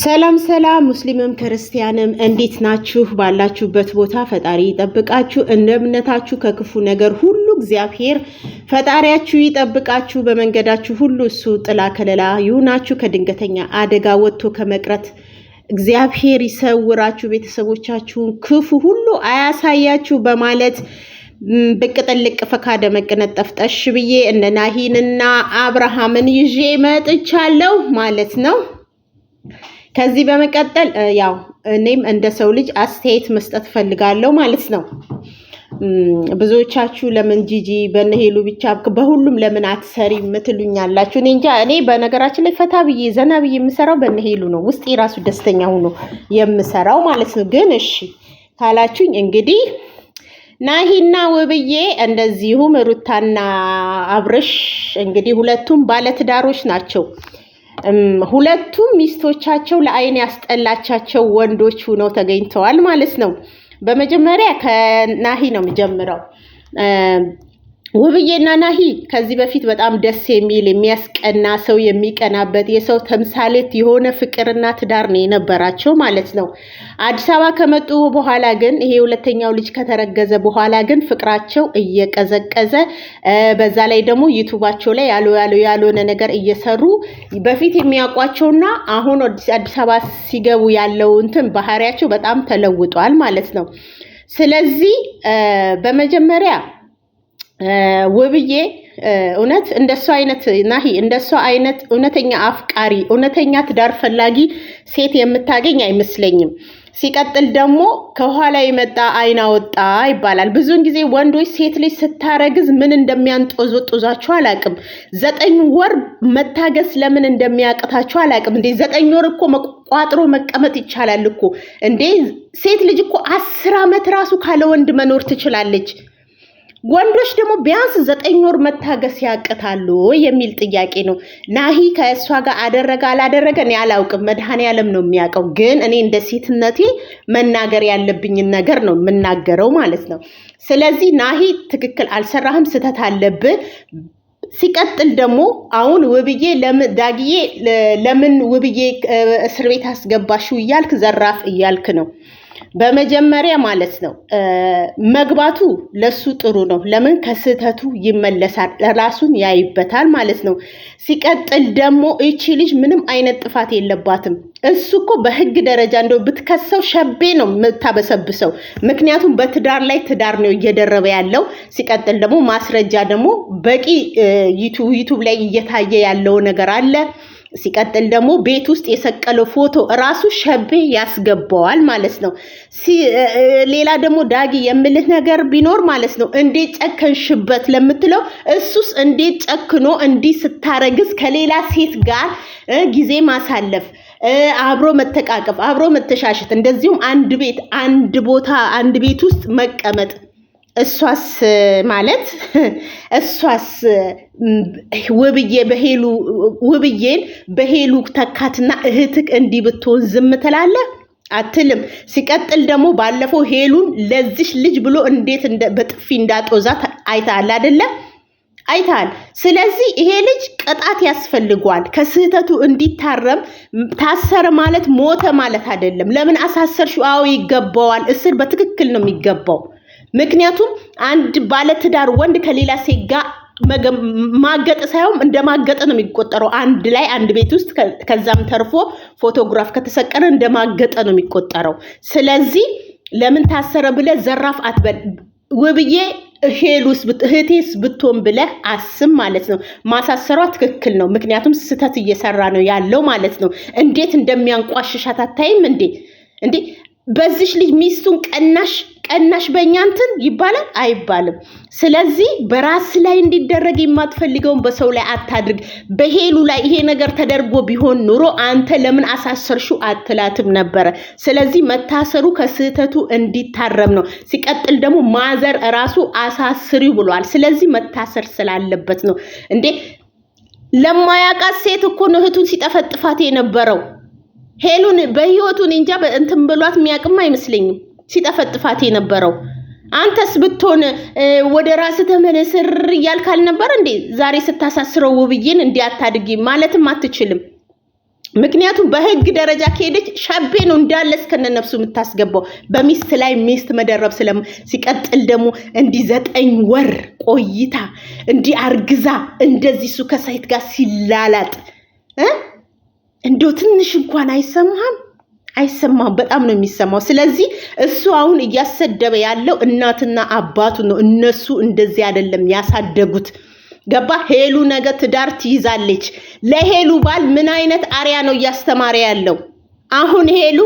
ሰላም ሰላም ሙስሊምም ክርስቲያንም እንዴት ናችሁ? ባላችሁበት ቦታ ፈጣሪ ይጠብቃችሁ። እንደ እምነታችሁ ከክፉ ነገር ሁሉ እግዚአብሔር ፈጣሪያችሁ ይጠብቃችሁ። በመንገዳችሁ ሁሉ እሱ ጥላ ከለላ ይሁናችሁ። ከድንገተኛ አደጋ ወጥቶ ከመቅረት እግዚአብሔር ይሰውራችሁ። ቤተሰቦቻችሁን ክፉ ሁሉ አያሳያችሁ በማለት ብቅ ጥልቅ ፈካደ መቅነጠፍ ጠሽ ብዬ እነ ናሂንና አብርሃምን ይዤ መጥቻለሁ ማለት ነው። ከዚህ በመቀጠል ያው እኔም እንደ ሰው ልጅ አስተያየት መስጠት ፈልጋለሁ ማለት ነው። ብዙዎቻችሁ ለምን ጂጂ በነሄሉ ብቻ በሁሉም ለምን አትሰሪ ምትሉኛላችሁ። እኔ እንጃ። እኔ በነገራችን ላይ ፈታ ብዬ ዘና ብዬ የምሰራው በነሄሉ ነው። ውስጥ የራሱ ደስተኛ ሆኖ የምሰራው ማለት ነው። ግን እሺ ካላችሁኝ እንግዲህ ናሂና ውብዬ እንደዚሁም ሩታና አብርሽ እንግዲህ ሁለቱም ባለትዳሮች ናቸው። ሁለቱም ሚስቶቻቸው ለአይን ያስጠላቻቸው ወንዶች ሁነው ተገኝተዋል ማለት ነው። በመጀመሪያ ከናሂ ነው የምጀምረው። ውብዬና ናሂ ከዚህ በፊት በጣም ደስ የሚል የሚያስቀና ሰው የሚቀናበት የሰው ተምሳሌት የሆነ ፍቅርና ትዳር ነው የነበራቸው ማለት ነው። አዲስ አበባ ከመጡ በኋላ ግን ይሄ ሁለተኛው ልጅ ከተረገዘ በኋላ ግን ፍቅራቸው እየቀዘቀዘ በዛ ላይ ደግሞ ዩቱባቸው ላይ ያሉ ያሉ ያልሆነ ነገር እየሰሩ በፊት የሚያውቋቸውና አሁን አዲስ አበባ ሲገቡ ያለው እንትን ባህሪያቸው በጣም ተለውጧል ማለት ነው። ስለዚህ በመጀመሪያ ውብዬ እውነት እንደሷ አይነት ናሂ እንደሷ አይነት እውነተኛ አፍቃሪ እውነተኛ ትዳር ፈላጊ ሴት የምታገኝ አይመስለኝም። ሲቀጥል ደግሞ ከኋላ የመጣ አይና ወጣ ይባላል። ብዙውን ጊዜ ወንዶች ሴት ልጅ ስታረግዝ ምን እንደሚያንጦዘጡዛቸው አላቅም ዘጠኝ ወር መታገስ ለምን እንደሚያቅታቸው አላቅም። እንዴ ዘጠኝ ወር እኮ ቋጥሮ መቀመጥ ይቻላል እኮ እንዴ! ሴት ልጅ እኮ አስር ዓመት ራሱ ካለ ወንድ መኖር ትችላለች። ወንዶች ደግሞ ቢያንስ ዘጠኝ ወር መታገስ ያቅታሉ የሚል ጥያቄ ነው። ናሂ ከእሷ ጋር አደረገ አላደረገ እኔ አላውቅም፣ መድኃኔዓለም ነው የሚያውቀው። ግን እኔ እንደ ሴትነቴ መናገር ያለብኝን ነገር ነው የምናገረው ማለት ነው። ስለዚህ ናሂ ትክክል አልሰራህም፣ ስህተት አለብህ። ሲቀጥል ደግሞ አሁን ውብዬ ዳግዬ ለምን ውብዬ እስር ቤት አስገባሽው እያልክ ዘራፍ እያልክ ነው በመጀመሪያ ማለት ነው መግባቱ ለሱ ጥሩ ነው። ለምን ከስህተቱ ይመለሳል፣ ራሱን ያይበታል ማለት ነው። ሲቀጥል ደግሞ እቺ ልጅ ምንም አይነት ጥፋት የለባትም። እሱ እኮ በህግ ደረጃ እንደው ብትከሰው ሸቤ ነው የምታበሰብሰው። ምክንያቱም በትዳር ላይ ትዳር ነው እየደረበ ያለው። ሲቀጥል ደግሞ ማስረጃ ደግሞ በቂ ዩቱብ ላይ እየታየ ያለው ነገር አለ። ሲቀጥል ደግሞ ቤት ውስጥ የሰቀለው ፎቶ እራሱ ሸቤ ያስገባዋል ማለት ነው። ሌላ ደግሞ ዳጊ የምልህ ነገር ቢኖር ማለት ነው እንዴት ጨከንሽበት ለምትለው እሱስ እንዴት ጨክኖ እንዲህ ስታረግስ ከሌላ ሴት ጋር ጊዜ ማሳለፍ አብሮ መተቃቀፍ፣ አብሮ መተሻሸት፣ እንደዚሁም አንድ ቤት አንድ ቦታ አንድ ቤት ውስጥ መቀመጥ እሷስ ማለት እሷስ ውብዬ በሄሉ ውብዬን በሄሉ ተካትና እህትክ እንዲህ ብትሆን ዝም ትላለህ አትልም። ሲቀጥል ደግሞ ባለፈው ሄሉን ለዚሽ ልጅ ብሎ እንዴት በጥፊ እንዳጦዛት አይተሃል አይደለም? አይተሃል። ስለዚህ ይሄ ልጅ ቅጣት ያስፈልገዋል። ከስህተቱ እንዲታረም ታሰረ ማለት ሞተ ማለት አይደለም። ለምን አሳሰርሽው? አዎ ይገባዋል። እስር በትክክል ነው የሚገባው። ምክንያቱም አንድ ባለትዳር ወንድ ከሌላ ሴት ጋር ማገጥ ሳይሆን እንደ ማገጥ ነው የሚቆጠረው። አንድ ላይ አንድ ቤት ውስጥ ከዛም ተርፎ ፎቶግራፍ ከተሰቀለ እንደ ማገጠ ነው የሚቆጠረው። ስለዚህ ለምን ታሰረ ብለህ ዘራፍ አትበል። ውብዬ እሄሉስ እህቴስ ብትሆን ብለህ አስም ማለት ነው። ማሳሰሯ ትክክል ነው፣ ምክንያቱም ስህተት እየሰራ ነው ያለው ማለት ነው። እንዴት እንደሚያንቋሽሻት አታይም እንዴ? እንዴ በዚሽ ልጅ ሚስቱን ቀናሽ ቀናሽ በእኛ እንትን ይባላል አይባልም። ስለዚህ በራስ ላይ እንዲደረግ የማትፈልገውን በሰው ላይ አታድርግ። በሄሉ ላይ ይሄ ነገር ተደርጎ ቢሆን ኑሮ አንተ ለምን አሳሰርሹ አትላትም ነበረ። ስለዚህ መታሰሩ ከስህተቱ እንዲታረም ነው። ሲቀጥል ደግሞ ማዘር ራሱ አሳስሪው ብሏል። ስለዚህ መታሰር ስላለበት ነው እንዴ ለማያውቃት ሴት እኮ ነው እህቱን ሲጠፈጥፋት የነበረው። ሄሉን በህይወቱን እንጃ እንትን ብሏት የሚያቅም አይመስለኝም ሲጠፈጥፋት የነበረው። አንተስ ብትሆን ወደ ራስህ ተመለስር እያልክ አልነበረ እንዴ? ዛሬ ስታሳስረው ውብዬን እንዲያታድጊ ማለትም አትችልም። ምክንያቱም በህግ ደረጃ ከሄደች ሸቤ ነው እንዳለ እስከነ ነፍሱ የምታስገባው በሚስት ላይ ሚስት መደረብ ስለም ሲቀጥል ደግሞ እንዲህ ዘጠኝ ወር ቆይታ እንዲህ አርግዛ እንደዚህ እሱ ከሳይት ጋር ሲላላጥ እንዶ ትንሽ እንኳን አይሰማም አይሰማም። በጣም ነው የሚሰማው። ስለዚህ እሱ አሁን እያሰደበ ያለው እናትና አባቱ ነው። እነሱ እንደዚህ አይደለም ያሳደጉት። ገባ? ሄሉ ነገ ትዳር ትይዛለች። ለሄሉ ባል ምን አይነት አሪያ ነው እያስተማረ ያለው? አሁን ሄሉ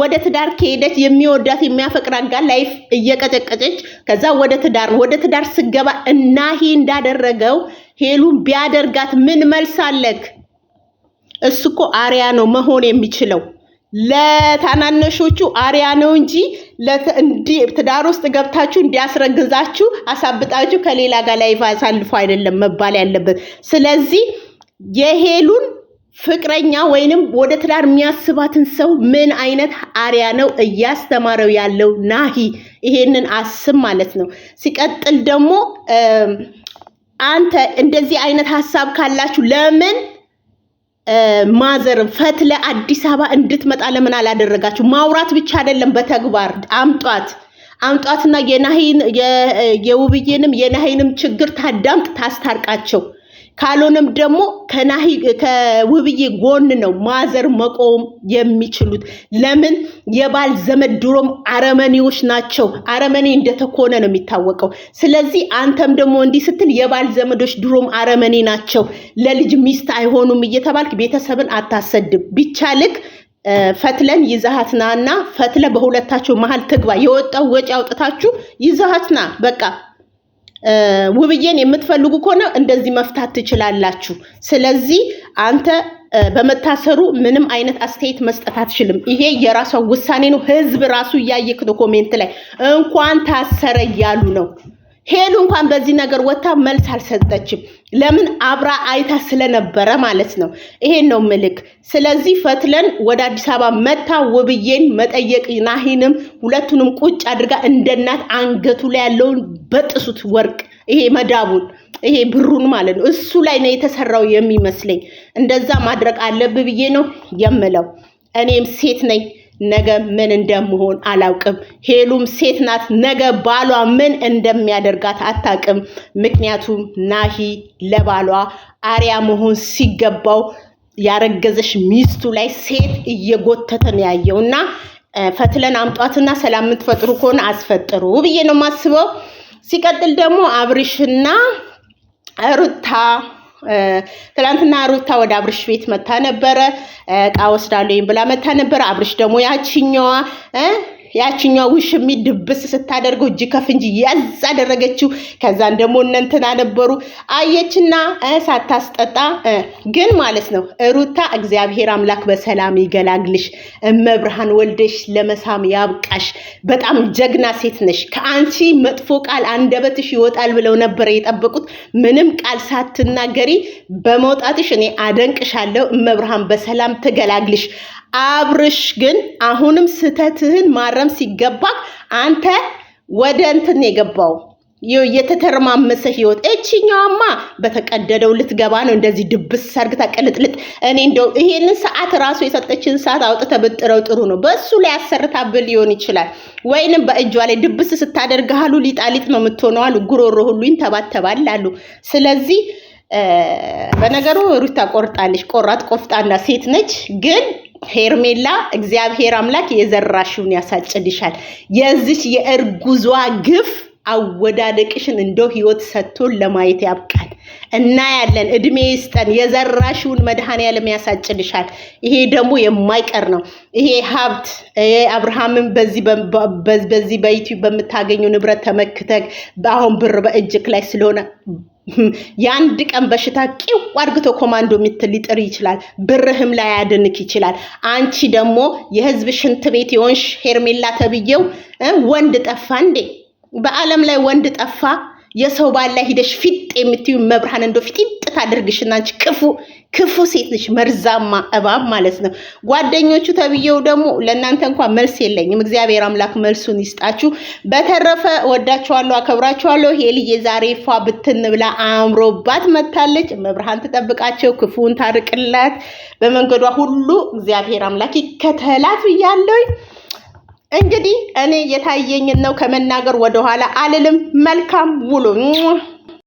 ወደ ትዳር ከሄደች የሚወዳት የሚያፈቅራት ጋር ላይፍ እየቀጨቀጨች ከዛ ወደ ትዳር ወደ ትዳር ስገባ እና እንዳደረገው ሄሉን ቢያደርጋት ምን መልስ አለክ? እሱ እኮ አሪያ ነው መሆን የሚችለው ለታናነሾቹ አሪያ ነው እንጂ ትዳር ውስጥ ገብታችሁ እንዲያስረግዛችሁ አሳብጣችሁ ከሌላ ጋር ላይ አሳልፎ አይደለም መባል ያለበት። ስለዚህ የሄሉን ፍቅረኛ ወይንም ወደ ትዳር የሚያስባትን ሰው ምን አይነት አሪያ ነው እያስተማረው ያለው ናሂ? ይሄንን አስብ ማለት ነው። ሲቀጥል ደግሞ አንተ እንደዚህ አይነት ሀሳብ ካላችሁ ለምን ማዘር ፈትለ አዲስ አበባ እንድትመጣ ለምን አላደረጋችሁ? ማውራት ብቻ አይደለም፣ በተግባር አምጧት አምጧትና የናሂን የውብዬንም የናሂንም ችግር ታዳምጥ ታስታርቃቸው። ካልሆነም ደግሞ ከናሂ ከውብዬ ጎን ነው ማዘር መቆም የሚችሉት። ለምን የባል ዘመድ ድሮም አረመኔዎች ናቸው። አረመኔ እንደተኮነ ነው የሚታወቀው። ስለዚህ አንተም ደግሞ እንዲህ ስትል የባል ዘመዶች ድሮም አረመኔ ናቸው፣ ለልጅ ሚስት አይሆኑም እየተባልክ ቤተሰብን አታሰድብ። ቢቻልክ ፈትለን ይዛሃትና እና ፈትለ በሁለታቸው መሀል ትግባ። የወጣው ወጪ አውጥታችሁ ይዛሃትና በቃ ውብዬን የምትፈልጉ ከሆነ እንደዚህ መፍታት ትችላላችሁ። ስለዚህ አንተ በመታሰሩ ምንም አይነት አስተያየት መስጠት አትችልም። ይሄ የራሷ ውሳኔ ነው። ህዝብ ራሱ እያየ ኮሜንት ላይ እንኳን ታሰረ እያሉ ነው። ሄሉ እንኳን በዚህ ነገር ወጥታ መልስ አልሰጠችም። ለምን አብራ አይታ ስለነበረ ማለት ነው። ይሄን ነው ምልክ። ስለዚህ ፈትለን ወደ አዲስ አበባ መታ ውብዬን መጠየቅ ናሂንም ሁለቱንም ቁጭ አድርጋ እንደናት አንገቱ ላይ ያለውን በጥሱት ወርቅ ይሄ መዳቡን ይሄ ብሩን ማለት ነው እሱ ላይ ነው የተሰራው የሚመስለኝ። እንደዛ ማድረግ አለብ ብዬ ነው የምለው። እኔም ሴት ነኝ። ነገ ምን እንደምሆን አላውቅም። ሄሉም ሴት ናት። ነገ ባሏ ምን እንደሚያደርጋት አታውቅም። ምክንያቱም ናሂ ለባሏ አሪያ መሆን ሲገባው ያረገዘሽ ሚስቱ ላይ ሴት እየጎተተ ነው ያየው እና ፈትለን አምጧትና ሰላም የምትፈጥሩ ከሆነ አስፈጥሩ ብዬ ነው የማስበው። ሲቀጥል ደግሞ አብርሽና ሩታ ትላንትና ሩታ ወደ አብርሽ ቤት መታ ነበረ። እቃ ወስዳለሁ ብላ መታ ነበረ። አብርሽ ደግሞ ያችኛዋ ያችኛው ውሽሚ ድብስ ስታደርገው እጅ ከፍ እንጂ ያዝ አደረገችው። ከዛን ደግሞ እነንትና ነበሩ አየችና ሳታስጠጣ ግን ማለት ነው ሩታ እግዚአብሔር አምላክ በሰላም ይገላግልሽ፣ እመብርሃን ወልደሽ ለመሳም ያብቃሽ። በጣም ጀግና ሴት ነሽ። ከአንቺ መጥፎ ቃል አንደበትሽ ይወጣል ብለው ነበር የጠበቁት። ምንም ቃል ሳትናገሪ በመውጣትሽ እኔ አደንቅሻለሁ። እመብርሃን በሰላም ትገላግልሽ። አብርሽ ግን አሁንም ስህተትህን ማረም ሲገባ አንተ ወደ እንትን የገባው የተተረማመሰ ህይወት። እቺኛዋማ በተቀደደው ልትገባ ነው። እንደዚህ ድብስ ሰርግታ ቅልጥልጥ። እኔ እንደው ይሄንን ሰዓት ራሱ የሰጠችን ሰዓት አውጥተ ብጥረው ጥሩ ነው። በእሱ ላይ አሰርታብህ ሊሆን ይችላል። ወይንም በእጇ ላይ ድብስ ስታደርግሃሉ ሊጣሊጥ ነው የምትሆነው አሉ። ጉሮሮ ሁሉ ይንተባተባል አሉ። ስለዚህ በነገሩ ሩታ ቆርጣለች። ቆራት ቆፍጣና ሴት ነች ግን ሄርሜላ እግዚአብሔር አምላክ የዘራሽውን ያሳጭድሻል። የዚች የእርጉዟ ግፍ አወዳደቅሽን እንደው ህይወት ሰጥቶን ለማየት ያብቃል። እናያለን። እድሜ ይስጠን። የዘራሽውን መድኃኔዓለም ያሳጭድሻል። ይሄ ደግሞ የማይቀር ነው። ይሄ ሀብት አብርሃምን በዚህ በኢትዮ በምታገኘው ንብረት ተመክተግ አሁን ብር በእጅክ ላይ ስለሆነ የአንድ ቀን በሽታ ቂው አድርግቶ ኮማንዶ የምትል ሊጥር ይችላል። ብርህም ላይ ያድንክ ይችላል። አንቺ ደግሞ የህዝብ ሽንት ቤት የሆንሽ ሄርሜላ ተብዬው ወንድ ጠፋ እንዴ? በዓለም ላይ ወንድ ጠፋ? የሰው ባል ላይ ሂደሽ ፊጥ የምትዩ መብርሃን እንደ ፊጢጥ ታደርግሽና አንቺ ክፉ ክፉ ሴት መርዛማ እባብ ማለት ነው። ጓደኞቹ ተብዬው ደግሞ ለእናንተ እንኳን መልስ የለኝም። እግዚአብሔር አምላክ መልሱን ይስጣችሁ። በተረፈ ወዳችኋለሁ፣ አከብራችኋለሁ። ሄልዬ ዛሬ ፏ ብትን ብላ መታለች። መብርሃን ትጠብቃቸው፣ ክፉን ታርቅላት፣ በመንገዷ ሁሉ እግዚአብሔር አምላክ ይከተላት ብያለሁ። እንግዲህ እኔ የታየኝን ነው ከመናገር ወደኋላ አልልም። መልካም ውሉ።